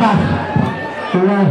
baax waaw